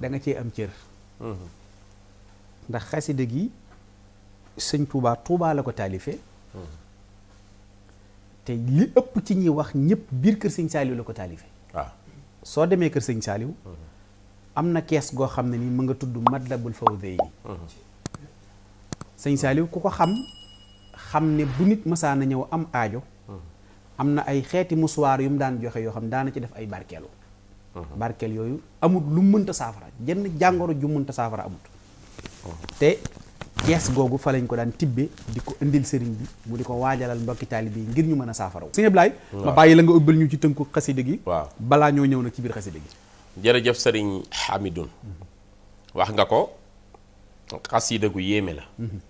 da nga cee am cër. ndax xasida gi sëñ Touba tuubaa la ko taalifee. te li ëpp ci ñuy wax ñëpp biir kër sëñ Saaliw la ko taalifee. waaw ah. soo demee kër sëñ Saaliw. am na kees goo xam ne ni mu nga tudd Matlabul Fawzayni. sëñ Saaliw ku ko xam xam ne bu nit mësaan a ñëw am aajo. am na ay xeeti musuwaar yu mu daan joxe yoo xam ne daana ci def ay barkeelu. barkeel yooyu amut lu mënta saafara jenn jàngoro ju munta saafara amut oh. te kees googu fa lañ ko daan tibbe di ko indil sëriñ bi mu di ko waajalal mbokki taali bi ngir ñu mën a saafara wu sëñ Ablaye ma bàyyi la nga ubbil ñu ci tënku xasida gi waaw balaa ñoo ñëw nag ci biir xasida gi jërëjëf sëriñ Hamidoun wax nga ko xasida gu yéeme la mhm.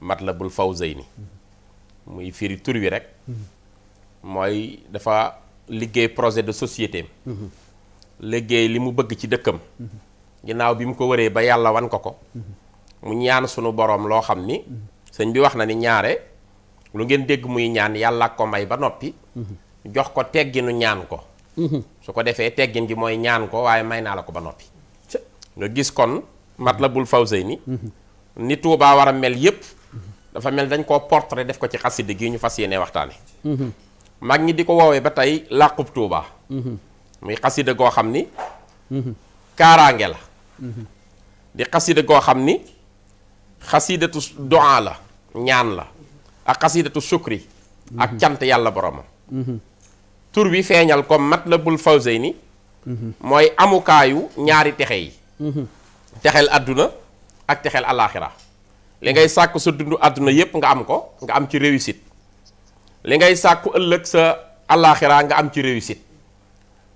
Matlabul Fawzayni mhm. muy firi tur wi rek mhm. mooy dafa liggéey projet de société liggéey li mu bëgg ci dëkkam ginnaaw bi mu ko wëree ba yàlla wan ko ko mu ñaan sunu boroom loo xam ni sëñ bi wax na ni ñaare lu ngeen dégg muy ñaan yàlla ak ko may ba noppi jox ko tegginu ñaan ko su ko defee teggin gi mooy ñaan ko waaye may naa la ko ba noppi nga gis kon mat la bul faw Fawzayni ni Tuubaa war a mel yépp dafa mel dañ koo portrait def ko ci xasida gi ñu fas yéene waxtaane mag ñi di ko woowee ba tey làqub Tuubaa muy xasida goo xam ni kaaraange la di xasida goo xam ni xasidatu du'a la ñaan la ak xasidatu sukri ak cant yàlla boromam tur bi feeñal mat la bul comme matlabul ni mooy amukaayu ñaari texe yi texel àdduna ak texel alaaxira li ngay sàkk sa dund àdduna yépp nga am ko nga am ci réussite li ngay sàkku ëllëg sa alaaxira nga am ci réussite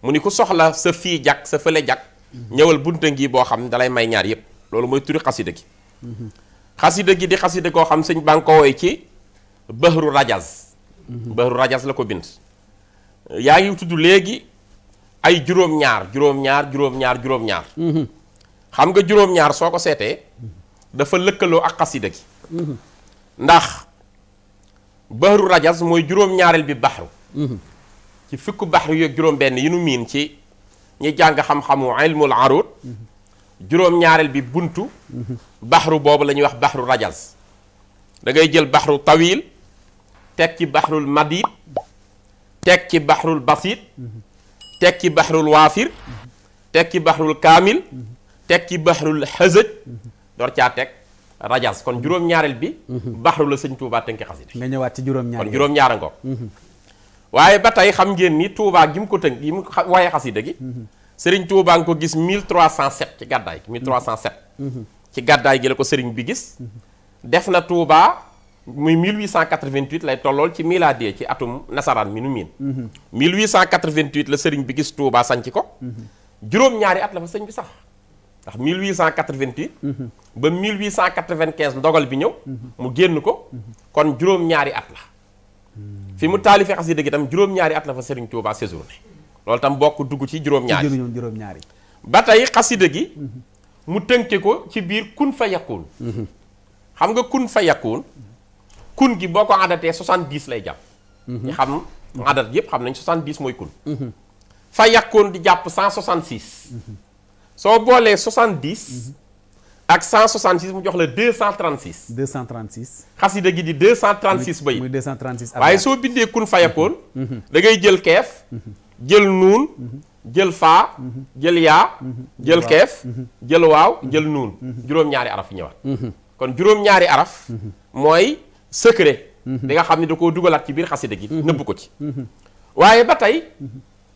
mu ni ku soxla sa fii jàkk sa fële jàkk ñëwal bunta ngi boo xam ne dalay may ñaar yépp loolu mooy turi xasida gi xasida gi di xasida koo xam sañ baa ngi ko woy ci bëhru rajaz bëhru rajaz la ko bind yaa ngi tudd léegi ay juróom-ñaar juróom-ñaar juróom-ñaar juróom-ñaar xam nga juróom-ñaar soo ko seetee dafa lëkkaloo ak xasida gi ndax bahru rajas mooy juróom-ñaareel bi baxru ci fukk baxru yeeg juróom-benn yi nu miin ci ñi jàng xam-xamu ilmul arud juróom-ñaareel bi buntu baxru boobu lañuy wax baxru rajaz da ngay jël baxru tawil teg ci baxrul madid teg ci baxrul basit teg ci baxrul waafir teg ci baxrul kaamil teg ci baxrul xësëj door caa teg rajas kon juróom-ñaareel bi mhm. baxru la sëñ Tuubaa tënki xasida nga ñëwaat ci juróom-ñaar kon juróom-ñaara ngoog mhm. waaye ba tey xam ngeen ni Touba gi mu ko tënk gi mu waaye xasida gi mhm. Serigne Touba nga ko gis 1307 ci gàddaay 1307. Mhm. ci gàddaay gi la ko Serigne bi gis. Mhm. def na Touba muy 1888 lay tollool ci milaadee ci atum nasaraan mi nu miin. 1888 la Serigne bi gis sañ ci ko. juróom-ñaari at la fa sëñ bi sax. ndax mille cent 1888. ba mille cent 1895 ndogal bi ñëw. mu génn ko. kon juróom-ñaari at la. fi mu taalifi xasida gi itam juróom-ñaari at la fa Serigne Touba séjourné loolu tam bokk dugg ci juróom-ñaari juróom-ñaari ba tey xasida gi mu tënke ko ci biir kun fa yakkuun xam nga kun fa yakkuun kun gi boo ko adatee 70 lay jàpp ñu mhm. xam adat yëpp xam nañ 70 mooy kun fa yakkuun di jàpp 166 mhm. soo boolee 70 ak cent 166 mu jox la 236. 236. xasida gi di 236 bay. muy 236 waaye soo bindee kun fayakoon. Mm-hmm. Mm-hmm. da ngay jël keef. Mm-hmm. jël nuun. jël faa. jël yaa. jël keef. jël waaw jël nuun. juróom-ñaari araf ñëwaat. kon juróom-ñaari araf. mooy secret. bi nga xam ne da koo dugalaat ci biir xasida gi. nëbb ko ci. waaye ba tey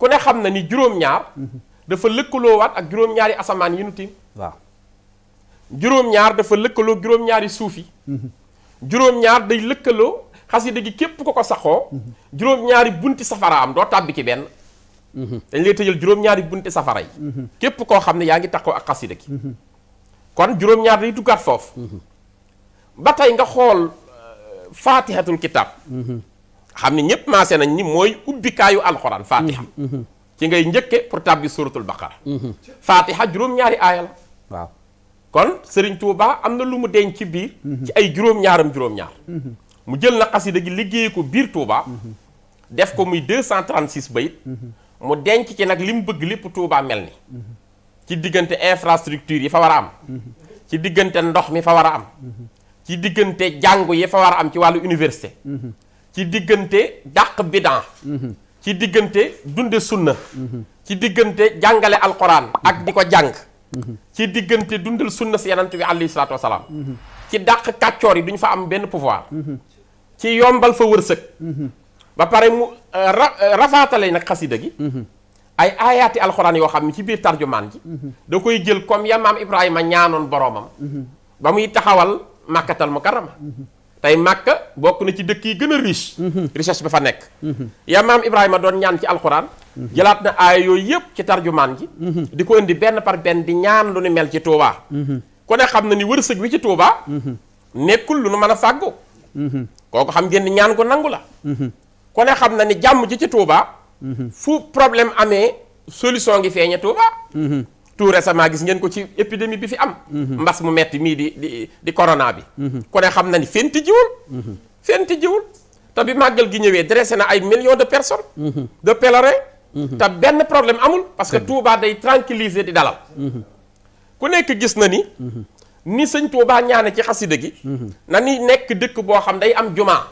ku ne xam na ni juróom-ñaar. dafa waat ak juróom-ñaari asamaan yi nu tiim juróom-ñaar dafa lëkkaloo juróom-ñaari suuf yi juróom-ñaar day lëkkaloo xasida gi képp ko ko saxoo juróom-ñaari bunti safara am doo tàbbi ci benn dañ lay tëjal juróom-ñaari bunti safara yi képp koo xam ne yaa ngi taxaw ak xasida gi kon juróom-ñaar day duggaat foofu ba tey nga xool euh, faatihatul kitab xam ne ñëpp maase nañ ni mooy ubbikaayu alxuraan faatiha mm-hmm. ci ngay njëkke pour tàbbi suratul baqara faatiha juróom-ñaari aaya waaw kon Serigne Touba am na lu mu denc ci biir. ci ay juróom-ñaaram juróom-ñaar. mu jël na xasida gi liggéey ko biir Touba. def ko muy 236 bayit mu denc ci nag li mu bëgg lépp Touba mel ni. ci diggante infrastructure yi fa war a am. ci diggante ndox mi fa war a am. ci diggante jàngu yi fa war a am ci wàllu université. ci diggante dàq bidan. ci diggante dunde sunna. ci diggante jàngale alxuraan ak di ko jàng. ci diggante dundal sunna si yanant bi alayhi salaatu wasalaam ci dàq kàccoor yi duñ fa am benn pouvoir ci yombal fa wërsëg ba pare mu euh, euh, rafaatale nag xasida gi ay aayaati alxuraan yoo xam ne ci biir tarjumaan ji da koy jël comme ya maam Ibrahima ñaanoon boroomam ba muy taxawal màkkatal mukarrama tey màkka bokk na ci dëkk yi gën a riche mm-hmm. richesse ba fa nekk ya maam Ibrahima doon ñaan ci alxuraan jëlaat na aaya yooyu yëpp ci tarjumaan ji di ko indi benn par benn di ñaan lu ni mel ci Touba. ku ne xam na ni wërsëg wi ci Touba. nekkul lu nu mën a fàggu kooku xam ngeen ni ñaan ko nangu la ku ne xam na ni jàmm ji ci Touba. fu problème amee solution ngi feeñe Touba. tout récemment gis ngeen ko ci épidémie bi fi am mbas mu metti mii di di di corona bi ku ne xam na ni fenti jiwul fenti jiwul te bi màggal gi ñëwee dressé na ay millions de personnes de pèlerins Mhm. te benn problème amul parce que Touba day tranquilliser di dalal mhm. ku nekk gis na ni mhm. ni sëñ Touba ñaane ci xasida gi na ni nekk dëkk boo xam day am jumaa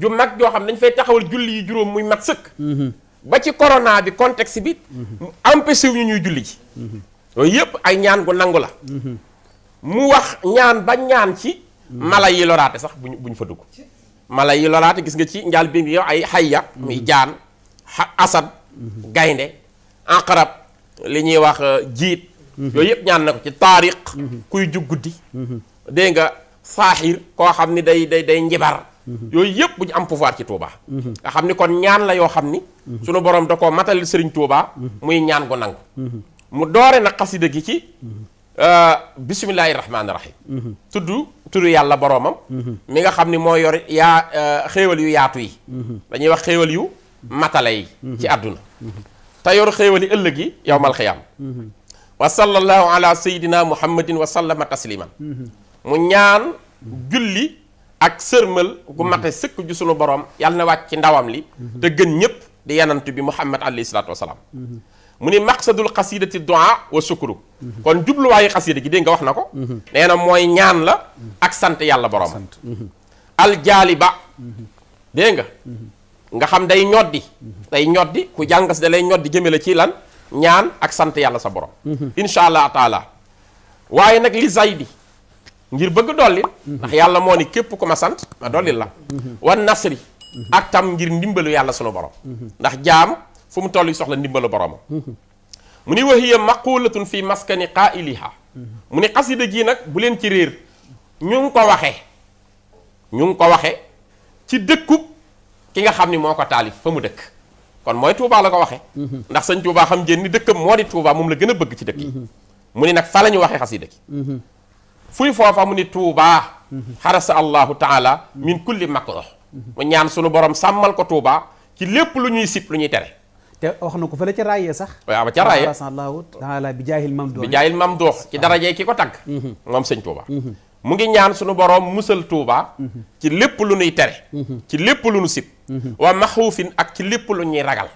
ju mag joo xam dañ fay taxawal julli yi juróom muy mat sëkk ba ci corona bi contexte bi empêché wu ñu ñuy julli ji yooyu yëpp ay ñaan gu nangu la mu wax ñaan ba ñaan ci mala yi loraate sax buñ buñ fa dugg mala yi loraate gis nga ci njaal bi yow ay xayya muy jaan asad gaynde anqarab li ñuy wax euh, jiit mhm. yooyu yëpp ñaan na ko ci taariq mhm. kuy jug guddi mhm. dégg nga saaxir koo xam ni day day day njibar yooyu yëpp bu am pouvoir ci Touba. nga xam ni kon ñaan la yoo xam ni sunu borom da koo matal sëriñ Touba. muy ñaan gu nangu mu doore na xasida gi ci euh, bisimilahi rahmaani rahim tudd tudd yàlla boroomam mi nga xam ni moo yor yaa euh, xéewal yu yaatu yi dañuy wax xéewal yu matale yi ci àdduna te yor xéewali ëllëg yi yowmal xiyaam wa sallallahu ala sayidina muhammadin wa sallama tasliman mu ñaan julli ak sërmal gu mate sëkk ju sunu borom yàlla na wàcc ci ndawam li te gën ñépp di yanant bi muhammad alayhi salaatu wasalaam mu ni maqsadul xasidati du'a wa sukuru kon jubluwaayu xasida gi dégg nga wax na ko nee na mooy ñaan la ak sant yàlla borom aljaaliba dégg nga nga xam day ñoddi day ñoddi ku jàng da lay ñoddi jëme la ci lan ñaan ak sant yàlla sa borom insha allah taala waaye nag li zaydi ngir bëgg dollil ndax yàlla moo ni képp ku sant ma dollil la wan nasri ak tam ngir ndimbalu yàlla sunu borom ndax jaam fu mu toll yi soxla ndimbalu boromam mu ni wahiya maqulatun fi maskani qaa'iliha mu ni xasida gii nag bu leen ci réer ñu ngi ko waxee ñu ngi ko waxee ci dëkkub ki nga xam ni moo ko taalif fa mu dëkk kon mooy Touba la ko waxee mhm. ndax sëñ Touba xam ngeen ni dëkkam moo di Touba moom la gën a bëgg ci dëkk yi mhm. mu ni nag fa la ñu waxee xasida gi mhm. fuy foofa mu ni Touba xarasa allahu taala min kulli makruh mu ñaan sunu borom sàmmal ko Touba ci lépp lu ñuy sip lu ñuy tere te wax na ko fële ca raayee sax waaw ca raayee allahu taala bi jaahil mam doox bi jaahil mam doox ci darajee ki ko tagg moom sëñ Touba mu ngi ñaan sunu borom musal tuubaa ci lépp lu ñuy tere ci lépp wa maxuufin ak ci lépp lu ñuy ragal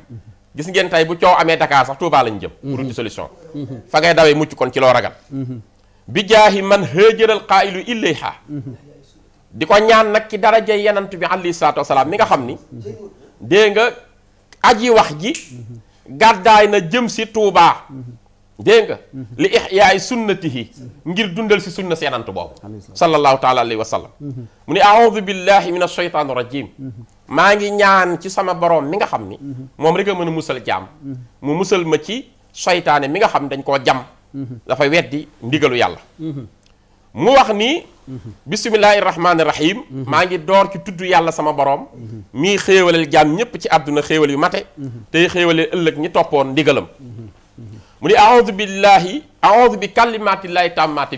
gis ngeen tey bu coow amee Dakar sax Touba lañ jëm pour di solution fa ngay dawee mucc kon ci loo ragal bi jaahi man hëjëral qaa'ilu ilayha di ko ñaan nag ci daraja yenant bi alayhi salaatu wasalaam mi nga xam ni dégg nga aji wax ji gàddaay na jëm si Touba dégg nga li ixyaay sunnatihi ngir dundal si sunna si yenant boobu sallallahu taala alayhi wa sallam mu ne aoudu billahi min alshaytan irajim maa ngi ñaan ci sama borom mi nga xam ni mhm. moom rek a mën a musal jaam mhm. mu musal ma ci soytaane mi nga xam dañ koo jam mhm. dafa weddi ndigalu yàlla mu wax ni bisimilahi rahmaani rahim maa ngi door ci tudd yàlla sama borom mii xéewalal jaam ñépp ci àdduna xéewal yu mate tey xéewaleel ëllëg ñi toppoon ndigalam mu ni aoudu billahi aoudu bi kalimatillahi tammati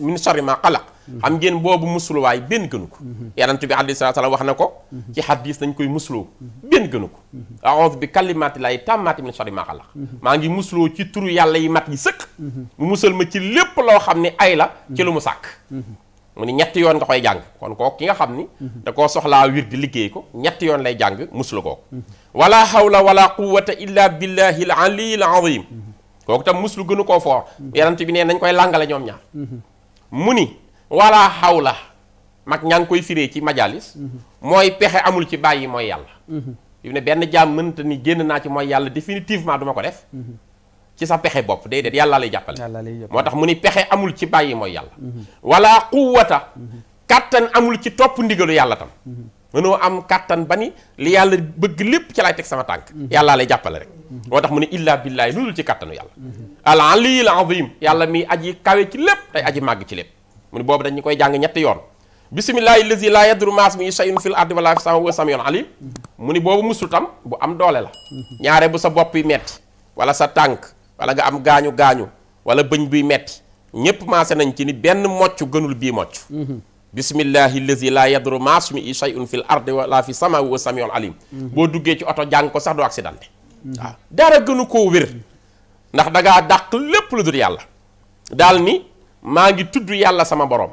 min sharri ma xalaq xam ngeen boobu waaye benn gënu ko yonent bi alayhi salaatu salaam wax na ko ci xadis dañ koy musloo benn gënu ko a'uudu bi kalimaati laahi tammaati min sharri maa xalaq maa ngi musloo ci turu yàlla yi mat yi sëkk mu musal ma ci lépp loo xam ne ay la ci lu mu sàkk mu ni ñetti yoon nga koy jàng kon koo ki nga xam ni da koo soxlaa wir di liggéey ko ñetti yoon lay jàng muslu kooku wala hawla walaa quwwata illa billahi al aliyyil azim kooku tam muslu gënu koo foor yonent bi ne nañ koy làngale ñoom ñaar mu ni wala xawla mag ñaa ngi koy firee ci majalis mooy pexe amul ci bàyyi mooy yàlla yu ne benn jaam mënta ni génn naa ci mooy yàlla définitivement duma ko def ci sa pexe bopp déedéet yàlla lay jàppale moo tax mu ni pexe amul ci bàyyi mooy yàlla mm-hmm. wala quwwata kàttan amul ci topp ndigalu yàlla tam mm-hmm. mënoo am kàttan ba ni li yàlla bëgg lépp ci laay sama tànk mm-hmm. yàllaa lay jàppale rek moo tax mu ne illaa billaahi lu ci kàttanu yàlla al aliyyil yàlla mi aji kawe ci lépp tey aji màgg ci lépp mu ne boobu ñu koy jàng ñetti yoon bisimillahi lazi laa yadru maas mi shay'un fil ardi wala fis samaa'i wa samiyun alim mu ni boobu musul tam bu am doole ñaare bu sa bopp yi metti wala sa tànk wala nga am gaañu-gaañu wala bëñ buy metti ñépp maase nañ ci ni benn mocc gënul bii mocc bisimillahi lazi laa yadru maas mi shay'un fil ardi wala fis samaa'i alim boo duggee ci oto jàng ko sax doo accidenté dara gënu koo wér ndax dangaa dàq lépp lu dul yàlla daal ni maa ngi tudd yàlla sama boroom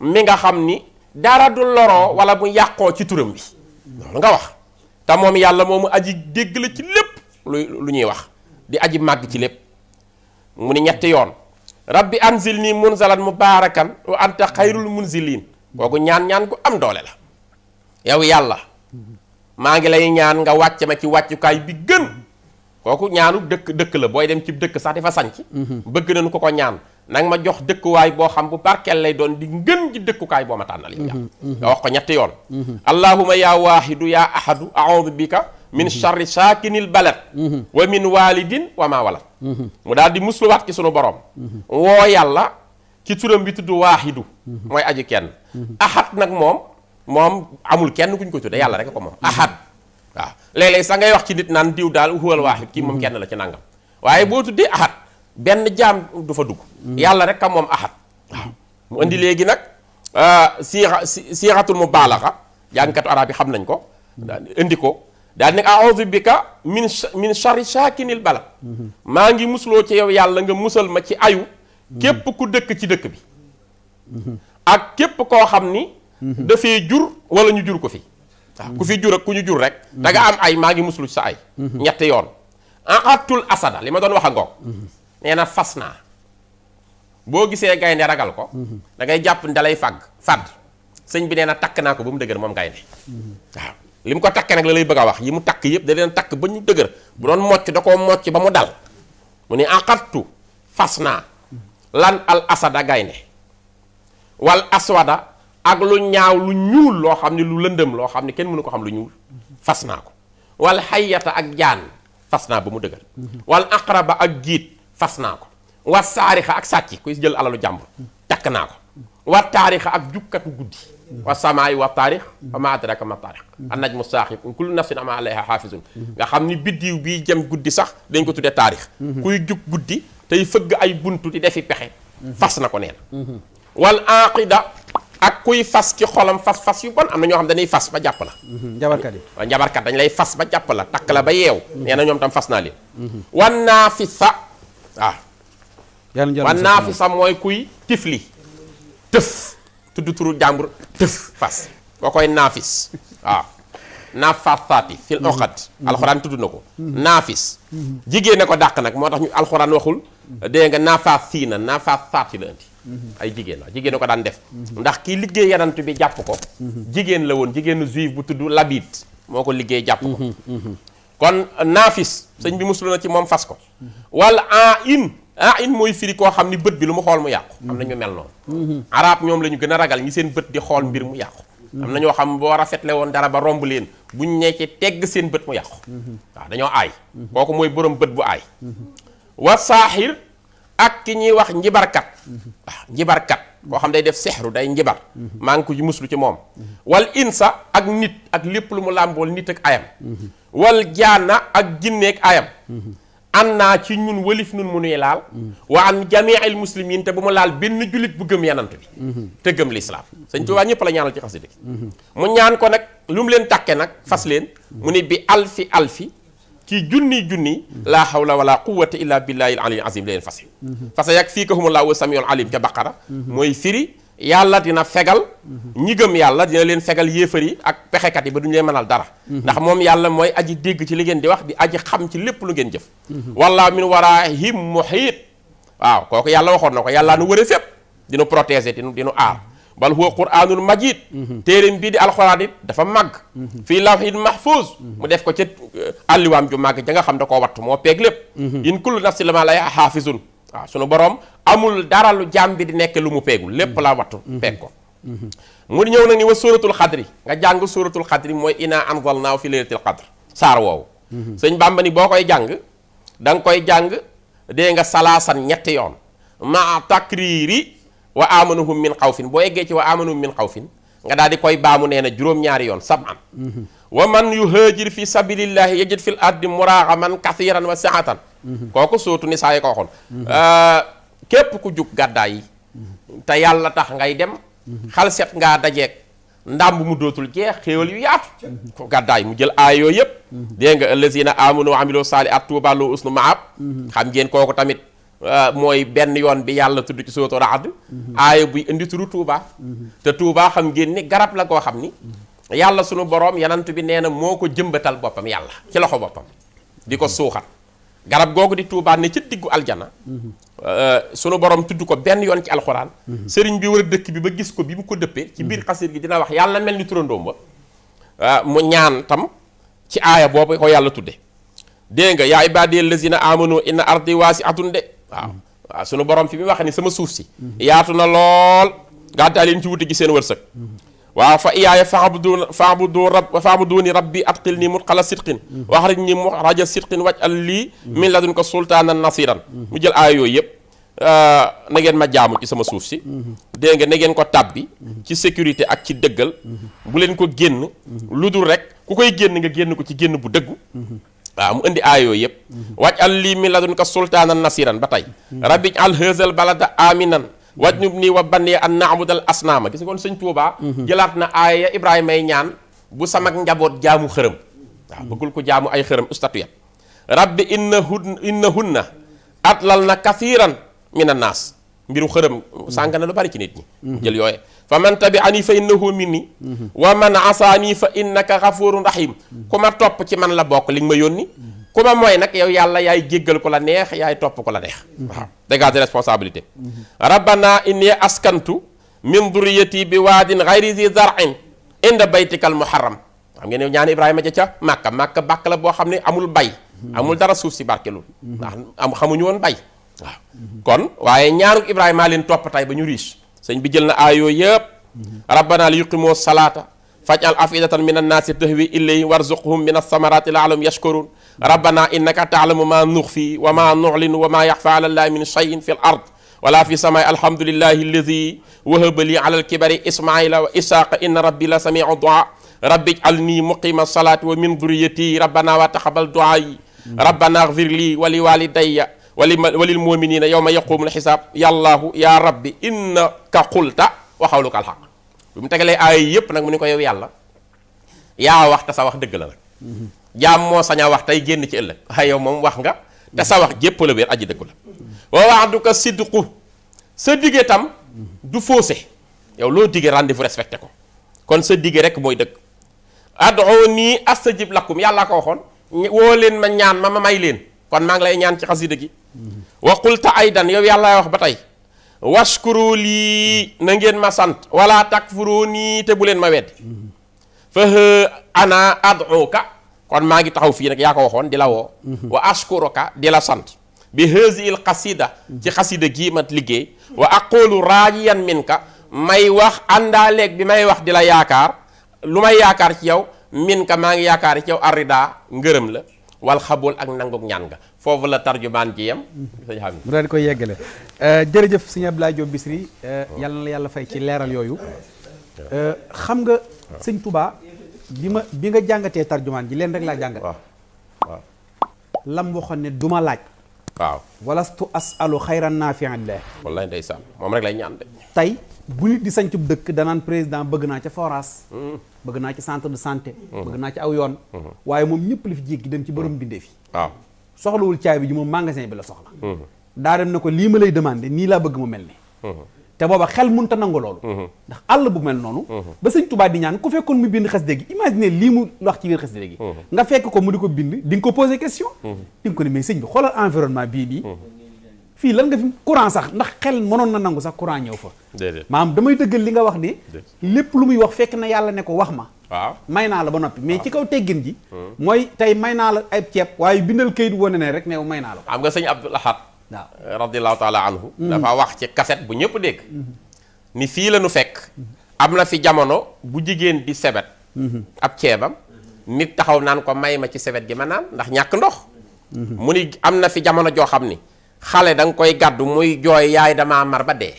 mi nga xam ni dara du loroo wala mu yàqoo ci turam bi loolu nga wax te moom yàlla moomu aji dégg la ci lépp lu lu ñuy wax di aji màgg ci lépp mu ni ñetti yoon rab rabbi anzil nii munzalan mubarakan wa anta xayrul munzilin kooku ñaan-ñaan gu am doole la yow yàlla maa ngi lay ñaan nga wàcc ma ci wàccukaay bi gën kooku ñaanu dëkk dëkk la booy dem ci dëkk sax dafa fa sanc mm-hmm. bëgg nañu ko ko ñaan nag ma jox dëkkuwaay boo xam bu barkeel lay doon di ngën ji dëkkukaay boo ma tànnal yow nga mm-hmm. wax ko ñetti yoon mm-hmm. allahuma yaa waahidu yaa ahadu aoudu bika min charri mm-hmm. saakinil balad wa min walidin wa ma walad mu daal di musluwaat ci sunu borom woo yàlla ci turam bi tudd waahidu mooy aju kenn ahad nag moom moom amul kenn kuñ ko tudde yàlla rek ko moom ahad waaw léeg-léeg ngay wax ci nit naan diw daal huwal waahid kii moom kenn la ci nangam waaye boo tuddee benn jaam du fa dugg. Mm. yàlla rek ka moom ahad. mu indi léegi nag euh, siixa siixatul mu baalaxa jàngkatu arab yi xam nañ ko. Mm. indi ko daal ne aoudu bika min min charri bala mm-hmm. maa ngi musloo ci yow yàlla nga musal ma ci ayu. Mm-hmm. képp ku dëkk ci dëkk bi. Mm-hmm. ak képp koo xam ni. dafee jur wala ñu jur ko fi. waaw ah. ku fi jur ak ku ñu jur rek. da am ay maa ngi muslu ci sa ay. ñetti yoon. aqatul asada li ma doon wax ak nee na fas naa boo gisee gaynde ragal ko mhm. dangay jàpp ni dalay fàgg fàdd sëñ bi nee na takk naa ko ba mu dëgër moom gaynde mhm. waaw li mu ko takkee nag la lay bëgg a wax yi mu takk yëpp da leen takk ba ñu dëgër bu doon mocc da koo mocc ba mu dal mu ne aqattu fas naa lan al asada gaynde wal aswada ak lu ñaaw lu ñuul loo xam ne lu lëndëm loo xam ne kenn mënu ko xam lu ñuul fas naa ko wal xayyata ak jaan fas naa ba mu dëgër mhm. wal aqraba ak jiit fas naa ko waat saarixa ak sàcc kuy jël alalu jàmbur takk naa ko waat taarixa ak jukkatu guddi wa samaay wa taarix wa ma adraka ma taarix an najmu saaxib kullu nafsin ama alayha xaafisun nga xam ni biddiw bi jëm guddi sax dañ ko tuddee taarix kuy jug guddi tey fëgg ay buntu di def defi pexe fas na ko nee na wal aqida ak kuy fas ci xolam fas fas yu bon am na ñoo xam dañuy fas ba jàpp la njabarkat yi dañ lay fas ba jàpp la takk la ba yeew mm-hmm. nee na ñoom tam fas naa waaw wan naa fi mooy kuy tifli tëf tudd turu jàmbur tëf fas koo koy naafis waaw ah. naafasaati fil oqat mm-hmm. alxuraan tudd na ko mm-hmm. naafis mm-hmm. jigéen ne ko dàq nag moo tax ñu alxuraan waxul dégg nga naafaas sii na naafaas saati la andi ay jigéen la jigéen a ko daan def ndax kii liggéey yanant bi jàpp ko jigéen la woon jigéenu juif bu tudd labit moo ko liggéey jàpp ko kon naafis sëñ bi muslu na ci moom fas ko wala ain in mooy firi koo xam ni bët bi lu mu xool mu yàqu am na ñu mel noonu arab ñoom la ñu gën a ragal ñi seen bët di xool mbir mu yàqu am na ñoo xam boo rafetle woon dara ba romb leen buñ nekkee tegg seen bët mu yàqu waaw dañoo aay kooku mooy boroom bët bu aay wa saaxir ak ki ñuy wax njibarkat njibarkat koo xam day def sexru day njibar maa ko ci muslu ci moom wal insa ak nit ak lépp lu mu làmbool nit ak ayam wal jaana ak jinneeg ayam an naa ci ñun walif nun mu nuy laal wa an jamiil muslimin te bu mu laal benn jullit bu gëm yanant bi te gëm lislaam sëñ Tuubaa ñëpp la ñaanal ci xasida gi mu ñaan ko nag lu mu leen takke nag fas leen mu ne bi alfi alfi ci junni junni laa hawla wala quwwata illa billahi al aliyyil azim leen fase fasa yak fii kahumullahu wa samiul alim ca baqara mm-hmm. mooy firi yàlla dina fegal mhm. ñi gëm yàlla dina leen fegal yéefar yi ak pexekat yi ba duñu leen mënal dara mhm. ndax moom yàlla mooy aji dégg ci li ngeen di wax di aji xam ci lépp lu ngeen jëf mhm. wallaahu min waraa'ihim muhiit waaw kooku yàlla waxoon na ko yàllaa nu wëre fépp dinu protéger dinu dinu aar bal huwa quraanul majid téeréem bii di alxuraan it dafa màgg fii lawhin mahfuz mu def ko ca euh, àlliwaam ju màgg ja nga xam ne koo wattu moo peeg lépp in kullu nafsin lamaa lay xaafizun waaw sunu borom amul dara lu jaam bi di nekk lu mu peegul lépp la wattu peeg mhm. ko mhm. Mhm. mu ñëw nag ni wa suratul xadri nga jàng suuratul xadri mooy ina anzalnaahu fi laylatil xadr saar woowu sëñ bàmba ni boo koy jàng danga koy jàng dee nga salaasan ñetti yoon ma takriiri wa amanahum min xawfin boo eggee ci wa amanahum min xawfin nga daal di koy baamu nee na juróom-ñaari yoon saban wa man yuhaajir fi sabilillahi yajid fil ardi muraaxaman kathiran wa Mm-hmm. kooku sootu ni saa yi ko waxoon mm-hmm. euh, képp ku jug gàddaay yi mm-hmm. te yàlla tax ngay dem xal set ngaa dajeeg ndàmb mu dootul jeex xéewal yu yaatu ku gàddaay mu jël aay yooyu yëpp dégg nga allazina amanu amilo saali at tuuba lu usnu xam ngeen kooku tamit euh, mooy benn yoon bi yàlla tudd ci sootu buy indi turu tuuba te tuuba xam ni garab la koo xam ni yàlla sunu boroom yanant bi nee na moo ko jëmbatal boppam yàlla ci loxo boppam di ko suuxat garab goo ko di tuubaan ne ca diggu aljana mm-hmm. euh, sunu borom tudd ko benn yoon ci alxuraan mm-hmm. sëriñ bi war a dëkk bi ba gis ko bi mu ko dëppee ci biir mm-hmm. xasir gi dina wax yàlla na mel ni turandoom ba euh, mu ñaan tam ci aaya boobu ko yàlla tudde dégg nga yaa ibaadiya lazina amanu inna ardi waasi'atun de waaw sunu borom fi muy wax ni sama suuf si yaatu na lool gàttaleen ci wuti gi seen wërsëg waaw fa iyaaya faabudu faabudu rab faabuduuni rabbi atqil nii mutqala sidqin mm-hmm. waxrij nii muxraja sidqin waj al lii min ladun ko sultaanan nasiran mm-hmm. mu jël aaya yooyu yëpp euh, na ngeen ma jaamu ci sama suuf si mm-hmm. dégg nga na ngeen ko tàbbi ci sécurité ak ci dëggal bu leen ko génn lu dul rek ku koy génn nga génn ko ci génn bu dëggu waaw mu indi aayoo yëpp waj al lii min ladun ko sultaanan nasiran ba tey rabbi al haazal balada aminan wajnub nii wa banni an naabudal asnaama gis nga kon sëñ Tuubaa mhm. jëlaat na aaya Ibrahima ay ñaan bu samak njaboot jaamu xërëm waaw bëggul ko jaamu ay xërëm statuette rabbi inna hun inna hunna atlal na kathiran min annaas mbiru xërëm mhm. sànq na lu bari ci nit ñi mhm. jël yooye fa man tabi ani fa innahu minni wa man asaani fa innaka ghafurun rahim ku ma topp ci man la bokk li nga ma yónni ku ma mooy nag yow yàlla yaay jéggal ko la neex yaay topp ko la neex waaw dégage de responsabilité rabbana inni askantu min duriyati bi waadin xayri zi zarin inda baytikal muharram xam ngeen ne ñaani ibrahima ja ca màkka màkka bàkk la boo xam ne amul bay amul dara suuf si barkelul ndax xamuñu woon bay waaw kon waaye ñaanuk ibrahima leen topp tey ba ñu riche sëñ bi jël na aayoo yëpp rabbana li yuqimoo salaata fajal afidatan min annaasi tahwi ilayhim warzuqhum min alsamarati laalahum yashkurun rabbana innaka taalamu ma nuxfi wa ma nuclinu wa ma yaxfa ala allahi min cheyin fi l ard wala fi samay alhamdulillahi alladi wahaba li ala alkibari ismaila wa ishaqa inna rabbi la samiu dua rabbi ij'alni muqima salaati wa min duriyati rabbana wa taqabbal duaayi rabbana agfir li wa li walidayya wa lil muminina yowma yaqumu alxisaab yallaahu ya rabbi innaka qulta wa xawluka alxaq bi mu tegalee aay yëpp nag mu ni ko yow yàlla yaa wax te sa wax dëgg la nag jaam moo sañaa wax tey génn ci ëllëg waaye yow moom wax nga te sa wax jépp la wér aji dëggu la wa ko sidqu sa digge tam du faussé yow loo digge rendez fu respecté ko kon sa digge rek mooy dëgg ad'uuni astajib lakkum yàllaa ko waxoon woo leen ma ñaan ma ma may leen kon maa ngi lay ñaan ci xasida gi wa qulta aydan yow yàlla wax ba tey waskuru lii na ngeen ma sant wala takfuru nii te bu leen ma weddi fa ana ad'uka kon maa ngi taxaw fii nag yaa ko waxoon di la woo wa askuruka di la sant bi hazi il xasida ci xasida gii mat liggéey wa aqulu raajiyan minka may wax àndaaleeg bi may wax di la yaakaar lu may yaakaar ci yow minka maa ngi yaakaar ci yow arrida ngërëm la wal xabul ak nangoog ñaan nga foofu la tarjumaan ji yem. Mhm. sëñ xam mu daal di koy yeggale euh, jërëjëf sëñ Abdoulaye Diop Bichri euh, yàlla na yàlla fay ci leeral yooyu. Euh, xam nga sëñ tubaa bi ma bi nga jàngatee tarjumaan ji leen rek laa jàngat. waaw xam ne duma laaj. waaw walastu asalu xayran naafian la wallaay ndeysaan moom rek lay ñaan de. tey bu nit di sanc dëkk danaan président bëgg naa ca forage. Hmm. bëgg naa ci centre de santé. Hmm. bëgg naa ci aw yoon. Hmm. waaye moom ñëpp li fi jéggi dem ci borom bindee fi. waaw. soxlawul caabi bi moom magasin bi la soxla mhm. daa dem ne ko lii ma lay demandé nii laa bëgg mu mel ni mhm. te booba xel mun munta nangu loolu mhm. ndax àll bu mel noonu ba sëñ Tuubaa di ñaan ku fekkoon mu bind xasida gi imagine lii mu wax ci biir xasida gi nga fekk ko mu di ko bind di nga ko posé question di nga ko ne mais sëñ bi xoolal environnement bii nii fii lan nga fi courant sax ndax xel mënoon na nangu sax courant ñëw fa maanaam damay dëggal li nga wax ni lépp lu muy wax fekk na yàlla ne ko wax ma waaw may naa la ba noppi mais ci kaw teggin ji hmm. mooy tey may naa la ay ceeb waaye bindal kayit wane ne rek neew may naa la xam nga sëñ Abdul Ahad radiallahu taala anhu hmm. dafa wax ci kaset bu ñëpp dégg hmm. ni fii la fekk am na fi jamono bu jigéen di sebet ab ceebam nit taxaw naan ko may ma ci sebet gi ma naan ndax ñàkk ndox mu ni am na fi jamono joo xam ni xale danga koy gàddu muy jooy yaay dama mar ba dee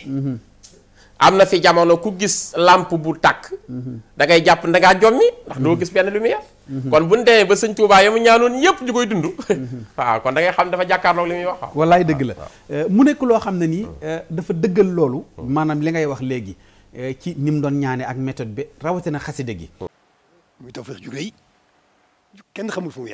am na fi jamono ku gis làmp bu tàkk dangay jàpp da ngaa jommi ndax doo gis benn lumière kon bu ñu demee ba sëñ Touba ya mu ñaanoon yëpp ñu koy dund waaw kon da ngay xam dafa jàkkaarloog li muy wax wallaay dëgg la ah, ah. Euh, mu nekk loo xam ne nii ah. euh, dafa dëggal loolu maanaam li ngay wax léegi euh, ci ni mu doon ñaane ak méthode bi rawatina xaside gi muy tawfeex ju rëy kenn xamul fu mu